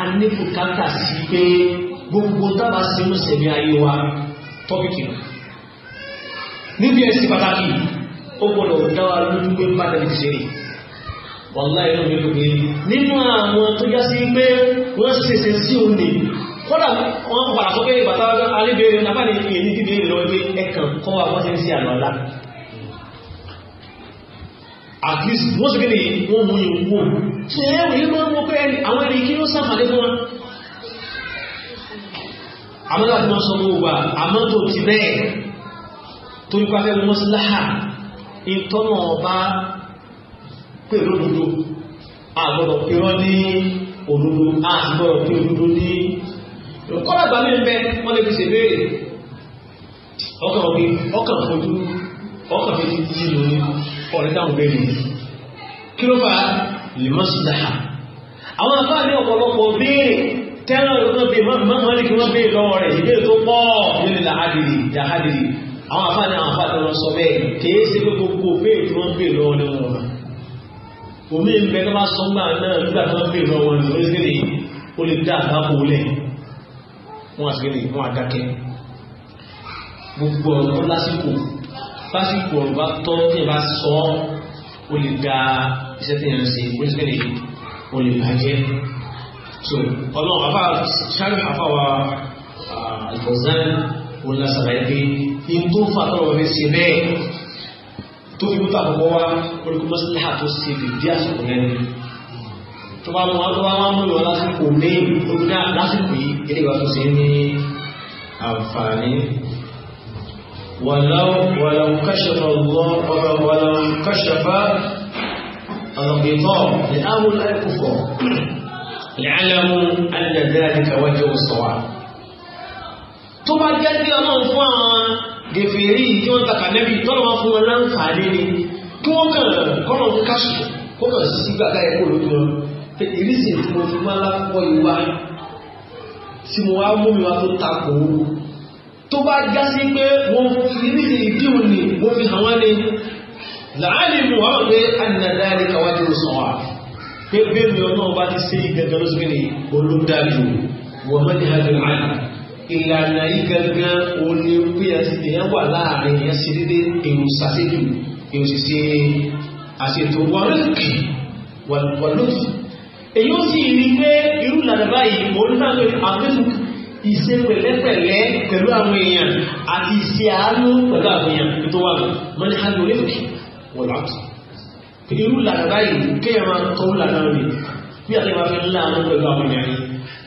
a ní bùkátà sí pé gbogbo dábàá sí ń sẹ̀mí ayé wa tọ́pìkì nù níbi ẹ̀sìn pàtàkì ó gbọ́dọ̀ dáwà lójú pé bá tẹ̀lé ṣe rí wàláì náà mi nínú àwọn tó já sí pé wọ́n ṣèṣe sí òun nìyí kọ́dà wọ́n ń padà sọ pé bàtà alébèrè náà fàní èyí ti bèèrè lọ pé ẹkàn kọ́ wa wọ́n ti ń sí àlọ́ ọ̀la at least wọ́n sì kéde wọ́n mú yìí wò ṣe é rí mọ́ mọ́ pé àwọn ẹni kí ló sàmàlẹ́ fún wa àmọ́ láti wọ́n sọ mọ́ wà àmọ́ tó ti bẹ́ẹ̀ torí pa fẹ́ mọ́ sí láhà ìtọ́nà ọba pẹ̀lú òdodo àgbọ̀dọ̀ pẹ̀rọ ní òdodo àgbọ̀dọ̀ pẹ̀lú òdodo ní kọ́lá gbà mí bẹ́ wọ́n lè fi ṣe béèrè ọkàn òbí ọkàn fojú ọkàn fi ti di lórí ọ̀rẹ́ táwọn béèrè kí ló fà lè mọ́ sí dáa àwọn afáà ní ọ̀pọ̀lọpọ̀ béèrè tẹ́lá lọ́nà bí mọ́mọ́ ní kí wọ́n béèrè lọ́wọ́ rẹ̀ ìbéèrè tó pọ̀ nílẹ̀ làhádìrì làhádìrì àwọn afáà ní àwọn afáà tó lọ sọ bẹ́ẹ̀ kìí ṣe pé gbogbo béèrè tí wọ́n béèrè lọ́wọ́ ní wọn rà omi ń bẹ tó bá sọ́gbà náà nígbà tó wọ́n béèrè lọ́wọ́ ní orí ó lè dá àbábò lẹ́yìn wọ́n àṣírí wọ́n àdákẹ́ gbogbo ọ̀rọ̀ lásìkò lásìkò ọ̀rọ̀ bá tọ́ tí ìbá sọ ọ́ ó lè da iṣẹ́ tí yẹn ń ṣe ó ṣe lè ó lè bàjẹ́ so ọlọ́run àbá sáré àbá wa àgbọ̀nsán òun la ṣàlàyé pé ní tó fà tọ́rọ̀ wọlé ṣe bẹ́ẹ̀ tó fi kú tàbí wá orí kó mọ́sílẹ̀ àtúnṣe lè dí àsìkò yẹn tó bá mú wá tó bá wá mú lọ lásìkò ní òmìnira lásìkò yìí ilé ìwà tó ṣe ní àǹfààní wàláwò wàláwò kásàfà lọ ọ̀rọ̀ wàláwò kásàfà ọ̀rọ̀gbẹ̀tọ̀ ní àwọn ẹ̀kùfọ̀ lẹ́àlẹ́mú alẹ́dẹ́rẹ́dẹ́ka wájú sọ̀wà tó bá jẹ́ kí ọlọ́run fún àwọn gèfèrí tí wọ́n takà nẹ́bí tọ́lọ́wọ́ fún wọn láǹfààní ni kí wọ́n kàn kọ́nà kásù sí sígbà káyẹ̀ kó pé ìrísí tí mo fi máa lápọ̀ ìwà tí mo wá mú mi wá tó takò ó tó bá já sí pé wọ́n ìrísí ìdíhùn ni wọ́n fi hàn wá ní láàrin mu wọ́n pé ànàdáàrí kàwájú sàn wá pé bẹ́ẹ̀ mi ọ̀nà ọba ti ṣe ìgẹ̀gẹ̀ lóṣù kìíní olùdájú wọ́n mọ́ ní àjọ àná ìlànà yìí gangan òní bí ẹ̀yàn wà láàrin ẹ̀yàn sí dédé èrò sàṣẹ́jù èrò sì ṣe àṣètò wọ́n rí kì wọ́n èyí ó sì rí pé irú ìlànà báyìí òun náà lórí àfẹ́sù ìṣe pẹ̀lẹ́pẹ̀lẹ́ pẹ̀lú àwọn èèyàn àti ìṣe àánú pẹ̀lú àwọn èèyàn tó wà mọ́ni hàní olóòfì wọ́n láti irú ìlànà báyìí kéèyàn máa tọ́ ìlànà rẹ̀ bí àti ìbá fi ńlá àánú pẹ̀lú àwọn èèyàn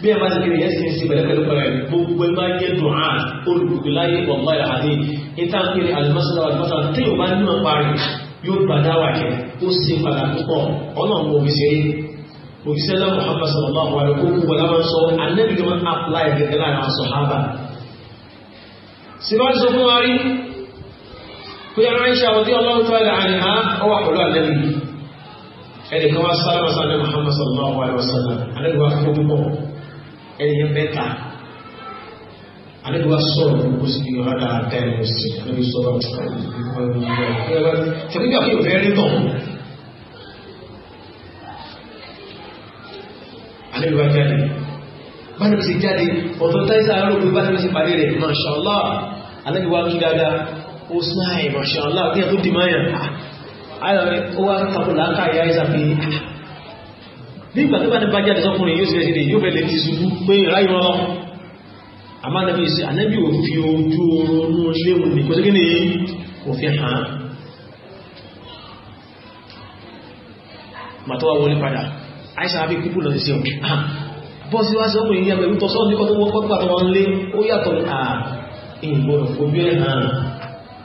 bí ẹ bá ti kéde ẹsìn sí pẹ̀lẹ́pẹ̀lẹ́ pẹ̀lẹ́ gbogbo ẹ máa jẹ dùn án olùkùnláyé ọgbà ìtàn òjíṣẹ́lá Muhammad sallallahu alaihi wa sallam wọlé wọn sọ anẹ́bí tó máa apply gẹ́gẹ́ láàrin àwọn sọ̀hábà síbájú sọ fún wa rí pé ara ń ṣe àwọn tí ọlọ́run tó ẹ̀dà àrìn àá ọwà pẹ̀lú anẹ́bí ẹni kan wá sáré wọn sáré Muhammad sallallahu alaihi wa sallam anẹ́bí wa àlẹ́gbà jáde bá ní ṣe jáde ọ̀tọ̀ táìsà arúgbó bá ní ṣe parí rẹ̀ mọ̀ṣọ́lá àlẹ́gbà kí dáadáa ó snáì mọ̀ṣọ́lá kí ẹ tó dì máyà ah, ayọ̀rẹ́ ó wá tako láàká ìyá ìsà pé ah. nígbà tó bá ní bá jáde sọkùnrin yóò ṣe ṣe yóò bẹ̀rẹ̀ ti ṣubú pé màtọ́wà wọlé padà àìsàn àbí kúkú lọ sí ọ̀hún ah, bọ́sí wá sí ọkùnrin yàgbẹ́ wítọ́ sọ́ọ́ ní kọ́tọ́ wọ́pọ̀ pàtó wọn lé ó yàtọ̀ à ah, ìgbọ̀rọ̀ fojú ẹ̀ hàn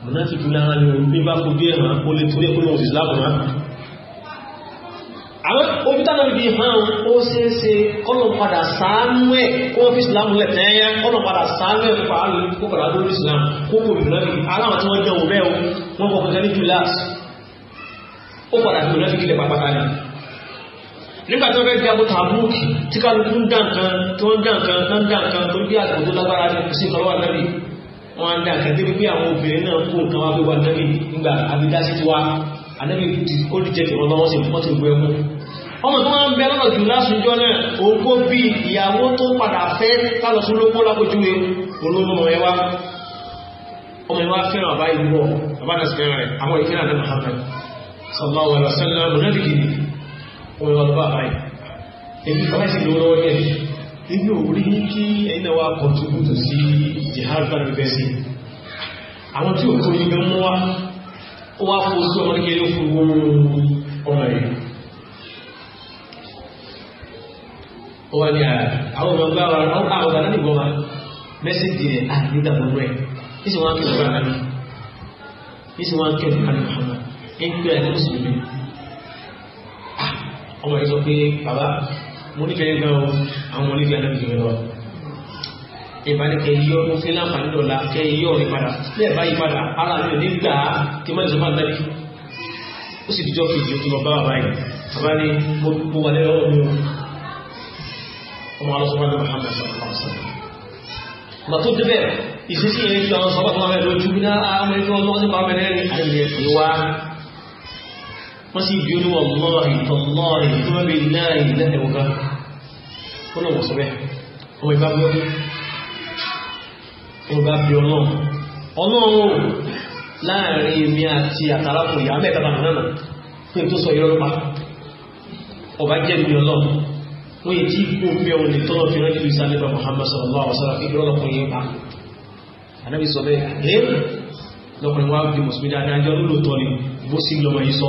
mọ̀nàfíkì lára ni òun bí bá fojú ẹ̀ hàn ó lè torí ẹ̀kọ́ lọ́wọ́ ìsìlámù náà àwọn obìtánà bí hàn ó ṣeéṣe kọ́nà padà sáánú ẹ̀ kó wọ́n fi ìsìlámù lẹ̀ tẹ́yẹ kọ́nà padà sáánú ẹ̀ kó pàálù kó padà lórí ìsìlámù kó wò mọ̀nàfíkì aláwọ̀ tí wọ́n jẹun bẹ́ẹ̀ wọ́n kọ̀ kọ̀kẹ́ ní jùlá ó padà fi mọ̀nàfíkì lẹ̀ pàpàtà nígbà tí wọ́n fẹ́ di agbó tàbúùkì tí kálukú ń dà nǹkan tí wọ́n ń dà nǹkan tó ń dà nǹkan tó bí àgbò tó lágbára ní kùsí ìkọlọ́wà nábì wọ́n á ń dà nǹkan débi pé àwọn obìnrin náà kó nǹkan wá fi wá nábì nígbà abidásí ti wá anábì ó lè jẹ́ kí wọ́n lọ́wọ́ sí wọ́n ti gbé ẹmu. ọmọ tó máa ń bẹ lọ́nà jù lásùnjọ́ náà òkú bí ìyàwó tó padà fẹ́ kálọ̀sùnlógún lápòjúwe olóńgbò ẹ wá ọmọ olùwàlúwàbáyì èyí kọ́mẹ́sì lóró ẹ̀ nínú orí ọmọ yìí sọ pé bàbá mo nífẹ̀ẹ́ gan o àwọn onífẹ̀ẹ́ náà bìí lọ ìbánikẹ yíyọ mo fi láǹfààní dọ̀la kẹ yíyọ rẹ padà bẹ́ẹ̀ bá yí padà ara mi ò ní gbà á kí má ìsọfà náà ó sì dijọ́ kejì ó ti lọ bá bàbá yìí bàbá ni mo mo wà lẹ́yìn ọ̀rọ̀ mi o ọmọ alọ́sọ̀rọ̀ ní Muhammad sallallahu alaihi wasallam gbà tó débẹ̀ ìṣesí yẹn ju àwọn sọ́kọ̀ tó wà lójú bí náà àwọn ẹni tó wọ́n tó wọ́n ti bá bẹ̀rẹ̀ ní wọ́n sì bí olúwọ̀ mọ́rin tọ́lọ́rin tó mọ́ bí náà ìlẹ́tẹ̀ wọ́gá ọlọ́wọ̀ sọ bẹ́ẹ̀ ọmọ ìbá bí ọdún ọmọ ìbá bí ọlọ́run ọlọ́run láàrin èmi àti àtàlákùn ìyá mẹ́ta bàbá náà fún wọ́n yìí tí kú bí ọmọ ní tọ́lọ́ fi rẹ́jù ìsá nípa Muhammad sallallahu alaihi wasallam fi ìrọ́lọ́kùn yẹn pa ànábì sọ bẹ́ẹ̀ lọ́kùnrin wá bí mùsùlùmí dáadáa jọ lóòótọ́ ni bó sì lọ́mọ yìí sọ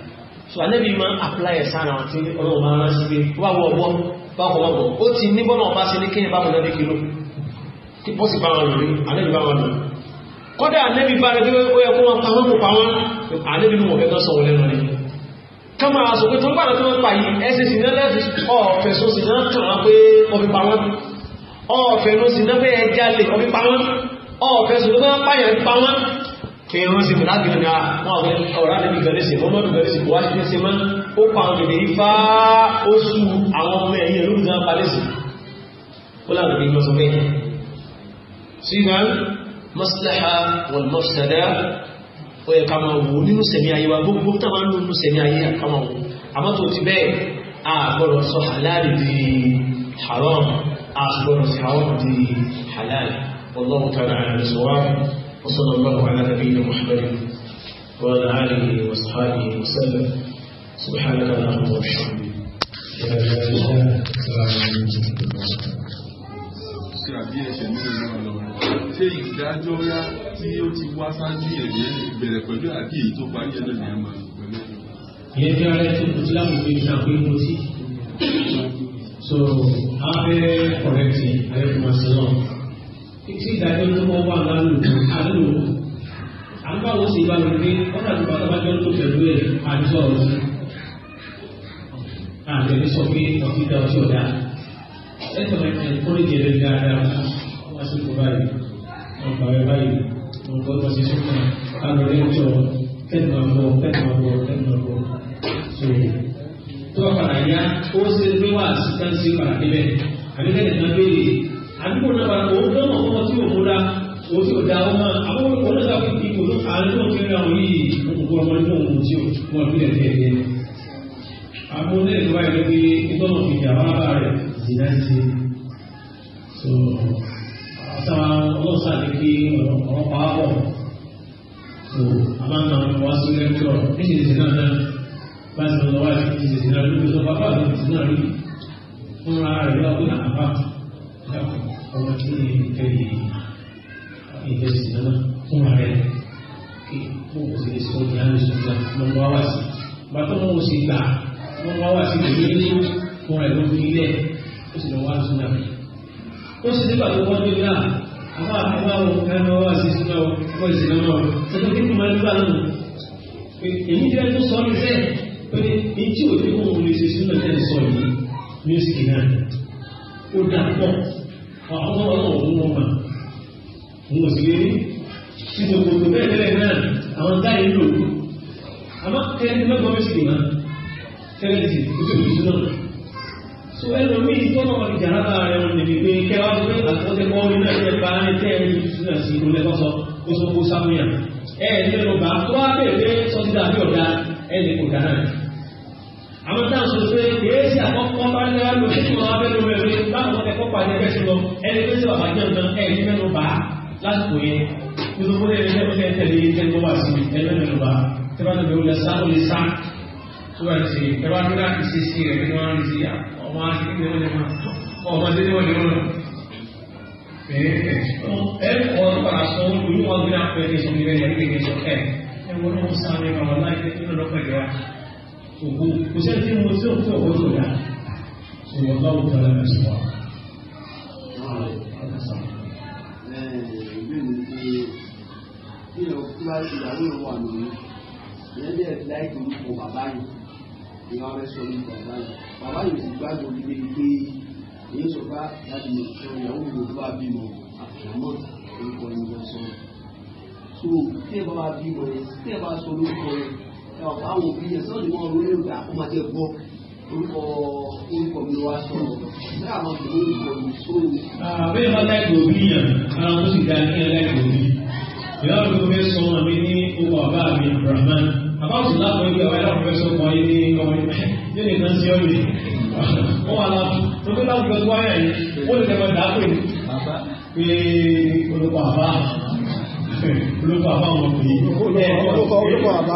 so anabi ma apply a ẹ̀ sára àti ọlọ́run máa rán sí pé wáwọ ọwọ́ báwọ ọwọ́ ó ti ní bọ́nà ọba sí ní kéyìn bá mọ̀ lẹ́bí kìló tí bọ́sì bá wọn lórí anabi bá wọn lórí kọ́dà anabi bá rẹ̀ ó yẹ kó wọn pa wọn kó pa wọn anabi ní wọn fẹ́ tán sọ̀rọ̀ lẹ́nu ni ká máa sọ pé tó ń bára tó ń pa yìí ẹsẹ̀ sì náà lẹ́fì ọ̀fẹ́ so sì náà kàn án pé ọbí pa wọn ọ̀fẹ́ ló sì náà fẹ́ ẹja lè ọbí pa wọn ọ̀fẹ́ sì ló fẹ́ pààyàn pa wọn kí wọ́n sì fìlá gẹ̀rẹ̀ náà wọ́n àwọn ọ̀rá níbi gẹ̀rẹ̀ sí wọ́n mọ́dún gẹ̀rẹ̀ sí wọ́n ṣe ṣe mọ́ ó pa àwọn gẹ̀rẹ̀ ifá ó sú àwọn ọmọ ẹ̀yìn olóògùn náà palẹ̀ sí ó láwọn gẹ̀rẹ̀ lọ sọ bẹ́ẹ̀ ṣùgbọ́n maslaha wal mafsada ó yẹ ká máa wò nínú sẹ̀mí ayé wa gbogbo tá máa ń lò nínú sẹ̀mí ayé ká máa wò àmọ́ tó ti bẹ́ẹ̀ a gbọ́dọ̀ sọ halal di haram a gbọ́dọ̀ sọ haram di halal wallahu ta'ala a'lam وصلى الله على نبينا محمد وعلى آله وأصحابه وسلم سبحانك اللهم وبحمدك ṣé ìdájọ́ yá tí ó ti wá sáájú ẹ̀yẹ́ ìbẹ̀rẹ̀ pẹ̀lú àti èyí tó parí ẹ̀dọ̀ ní ẹ̀mọ̀ pẹ̀lú ìyẹn bí ara ẹ̀tí kò tí láwọn ìgbé ìjà pé mo sí so abẹ́ ọ̀rẹ́ ti ẹ̀rẹ́ sí náà tí ìdájọ́ tó wọ́n wà lálùú àlùú àgbàwọ̀ sì bá mi pé wọ́n dàbí bàtà bá jọ́ tó pẹ̀lú ẹ̀ àjọ ọ̀sùn àtẹ̀lé sọ pé ọtí dá ọtí ọ̀dà ẹ̀tọ́ ẹ̀kọ́rẹ́ jẹ́ lórí dáadáa wọ́n sì kó báyìí wọ́n gbà wẹ́ báyìí wọ́n gbọ́ tó ṣe sọ́kàn lánàá lẹ́yìn tó kẹ́nu àbọ̀ kẹ́nu àbọ̀ àwọn onílé ìjọba ìlú pé ìtọ́nà fi di àwọn alábà rẹ̀ zina ṣe so àṣà ọlọ́sà ní kí ọ̀rọ̀ pàápọ̀ so àbáńtà wá sí lẹ́kítọ̀ níṣẹ́ ìṣẹ́ náà náà bá ti lọ́wọ́ àti ìṣẹ́ ìṣẹ́ náà lórí sọ bàbá àti ìṣẹ́ náà rí fún ara rẹ̀ lọ́wọ́ pé àbá ọmọ tí ó lè tẹ̀lé ìṣẹ́ ìṣẹ́ náà fún ara rẹ̀ kí sì lè ní fún rẹ̀ ló fi ilẹ̀ ó sì lọ wá súnà ó sì nígbà tó wọ́n dé náà àwọn àfẹ́láwọ̀ ẹ̀rọ wà sí súnà ọkọ̀ ìsìnà náà ṣẹ́jọ́ kí kò máa nígbà náà èmi jẹ́ tó sọ ní sẹ́ẹ̀ pé ní tí ò ní kó òun lè ṣe súnà tẹ́ sọ yìí mísíkì náà ó dà pọ̀ àwọn ọmọ òun wọn mà òun ò sì lè rí sí gbogbo bẹ́ẹ̀ bẹ́ẹ̀ náà àwọn táyé lò àmọ́ kẹ́ni mẹ́gbọ́n mísíkì náà fẹ́ sí lọ ẹni fẹ́ sí bàbá jẹ́ nǹkan ẹni mẹ́nu bá lásìkò yẹn nítorí pé ẹni mẹ́nu bẹ́ẹ̀ tẹ̀lé ẹni tó wà sí ẹni mẹ́nu bá tí wọ́n tẹ̀lé olè sá olè sá tó bá ti ẹ wá dúró láti ṣe sí rẹ̀ nínú wọn sí ọmọ akéwì wọn lè má ọmọ sí ni wọn lè wọn ẹ kọ́ ọ̀rọ̀ sọ olùwọ́n gbé àpẹẹrẹ sọ ní ẹ̀yà ìgbẹ́ sọ ẹ̀ ẹ̀ wọ́n náà sáré ọ̀rọ̀ láì fẹ́ kí lọ́dọ̀ pẹ̀lú wa òkú kò sẹ́ni tí mo tí ò fẹ́ òkú tó dá ṣùgbọ́n báwo tó lọ́dọ̀ sọ̀rọ̀ ìbéèrè bí o kí wá sí ìyàwó ìwọ àná mi ìyẹn bí ẹ̀dí láì tó nípò bàbá yìí ìwà rẹ̀ sọ ní bàbá yìí bàbá yìí ti gbádùn orílẹ̀ pé èyí sọ bá láti mọ̀ sọ ìyàwó ìwọ tó bá bímọ àfihàn sọ so tí ẹ bá bá bímọ yẹn tí ẹ bá sọ lórúkọ yẹn ẹ bá wọ bí yẹn sọ́ọ̀dì wọn ronú ìgbà kó ah, máa gbọ́ orúkọ orúkọ mi wá sọ̀rọ̀ ní àwọn ìlú orúkọ mi sóòrò. àbẹ́ ìwà láìpẹ́ òbí yàn ara tó sì ga ní ẹlẹ́gbẹ̀ẹ́ òbí ìyá òbí tó fẹ́ sọ ọmọ mi ní owó àbá mi Rahman àbáwọ̀sì lápò ẹgbẹ́ àwọn ẹlẹ́wọ̀n fẹ́ sọ ọmọ yìí ní ọmọ yìí ní nìkan sí ọ̀rẹ́ wọ́n [LAUGHS] wà lápò tó fẹ́ láwùjọ tó wáyà yìí ó lè tẹ́wọ́ dàá pé pé olùkọ́ àbá [LAUGHS] olùkọ́ àbá wọn kì í. olùkọ́ àbá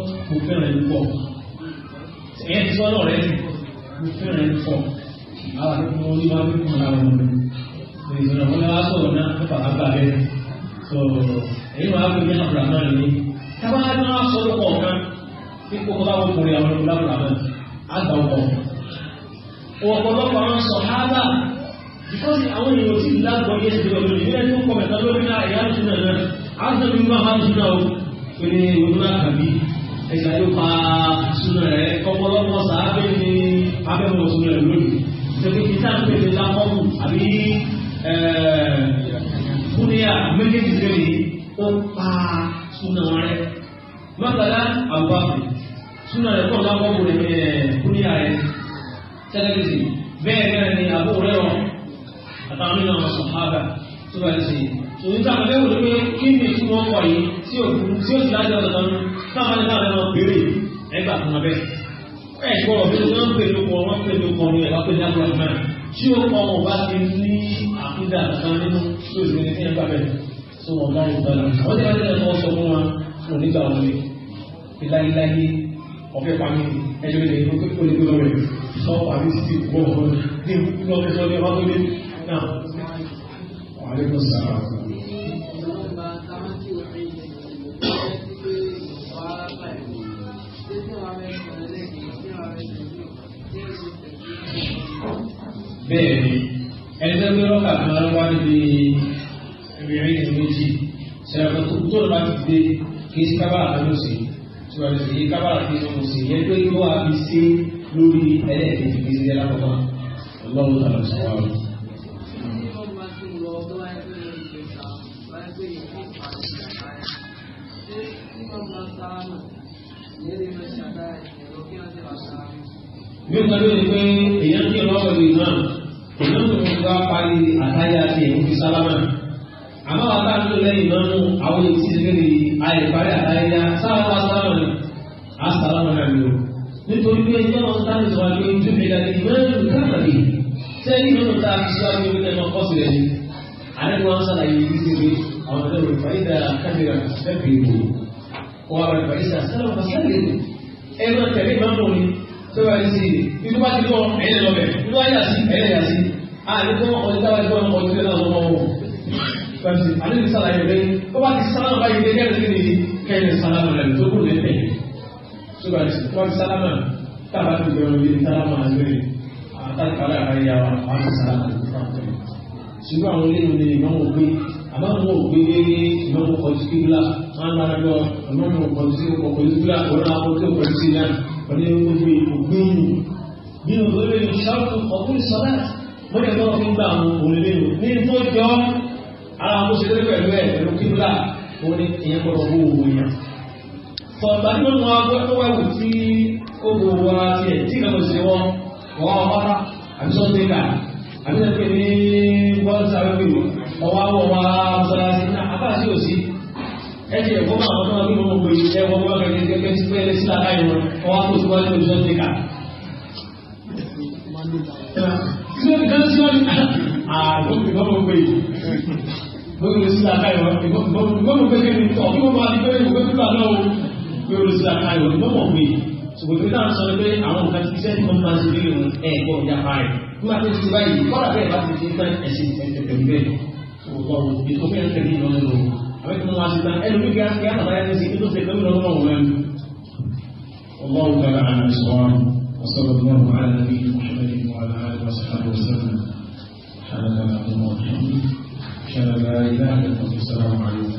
ní abdulrahman ni tábà ní wọn sọ lóko ọ̀kan ní kókó táwọn kórè àwọn ọmọ abdulrahman àgbà ọkọ ọ̀pọ̀lọpọ̀ àwọn sọ̀hábà bíkọ́sì àwọn èèyàn tí lágbọ́ yé ṣe lọ́dún ìdílé tó kọ̀ mẹ́ta lórí náà ìyá àdúgbò nígbà wọn ni ìláyéláyé ọ̀fẹ́ pàmí ẹjọ́ ilẹ̀ ìlú pípọ̀ ní gbọ́dọ̀ rẹ̀ sọ pàmí sí ti wọ́n wọn ní ìlú ọ̀fẹ́ sọ ní ọba tó lé náà. Àlékún sàrà. Bẹ́ẹ̀ni, ẹni tó gbé rọ́kà kan wá níbi ẹ̀mí ẹ̀rí méjì, ṣẹ̀rọ̀ tó tó lọ́ba ti dé kí sí kábàrà lọ́dún sí ṣùgbọ́n sì yí kábàrà kí sí mo sì yẹ pé yóò wá fi sí lórí ẹlẹ́ẹ̀kejì kí sí alákọ̀ọ́kọ́ ọlọ́run tàbí sọ̀rọ̀ rẹ̀. nípa ló ní pé èèyàn kí ọlọ́wọ́ ìlú náà èèyàn tó ń gbá parí àtàyà àti èèyàn fi sálámà àmọ́ àwọn tá a lò lẹ́yìn náà nù àwọn èyí ti ṣe lè ayè parí àtàyè sáwọn wá sáwọn rẹ̀ á sáwọn rẹ̀ lò nítorí pé ẹjọ́ wọn tá a lè sọ àjọ ojú mi láti mẹ́rin káàkiri sẹ́yìn náà tá a fi sọ àjọ ojú ẹ̀mọ́ kọ́sì rẹ̀ ni àdéhùn wọn sàlàyé yìí sí pé àwọn ọ̀dọ́ rẹ̀ fàyídà kábíyà fẹ́ẹ̀kì ìbò wọn rẹ̀ fàyídà sẹ́wọ̀n fàṣẹ́lẹ̀ ẹ̀ máa tẹ̀lé máa mọ̀ ni tó bá yẹ sí i tó bá ti lọ ẹ̀yẹ lọ bẹ̀ tó bá yà sí fẹ́ǹsì àlejò sàlàyé rẹ̀ ó bá ti sálámà báyìí dé kẹ́rin sí ni kẹ́rin sálámà rẹ̀ tó kù lé tẹ̀yìn ṣùgbọ́n wọ́n sálámà tábà tó gbẹ̀rù yìí sálámà lórí àtàkàrà àríyá wa àwọn sálámà tó fà tẹ̀yìn. ṣùgbọ́n àwọn olóyún ni ìmọ̀ wò pé àmọ́ àwọn òbí ní ìmọ̀ wò kọjú sí gbúlá máa ń lára lọ ìmọ̀ wò kọjú sí kọjú sí gbúlá òun náà kọjú kọjú sí náà pẹ̀lú gbogbo ògbìn bí òun lórí ìṣàkóso ọ̀gbìn sọ́lá mọ́tò tó fi gbà àwọn òun lè lò ní tó jọ ara wọn tó ṣe lórí pẹ̀lú ẹ̀ pẹ̀lú kíbla òun ni ìyẹn gbọ́dọ̀ bó owó yẹn. fọ̀nba ní wọn wá tí ó bo owó ara tiẹ̀ tí ìgbà tó wọn wọ́n wá wọ́n àbí sọ́ọ́tì kà àbí sọ́ọ́tì ní bọ́ọ̀lù sáré bìrù ọwọ́ àwọn ọmọ mọ́sálásí náà abáṣe ò sí ẹ ti ẹ̀kọ́ bá àwọn ọmọ nínú gbogbo yìí ẹ wọ́n kẹ́kẹ́ o ti kán sí wọn? Àgbọ̀n mi kọ́ mọ̀ gbé yìí lórí sí àkáyọ̀ ìgbọ́nù pé kí ni tọ̀ kí wọ́n máa di pé ìwé pípa náà o pé orí sí àkáyọ̀ ìgbọ́nù pé ṣùgbọ́n pé táwọn sọ pé àwọn nǹkan ti sẹ́ni kan máa ṣe bí ìrùn ẹ̀gbọ́n ìjà báyìí nígbà tó ti báyìí kọ́lá bẹ́ẹ̀ bá ti ṣe tán ẹ̀sìn ẹ̀tẹ̀tẹ̀ وصلى الله على نبينا محمد وعلى اله وصحبه وسلم سبحانك اللهم وبحمدك أشهد أن لا إله إلا الله والسلام عليكم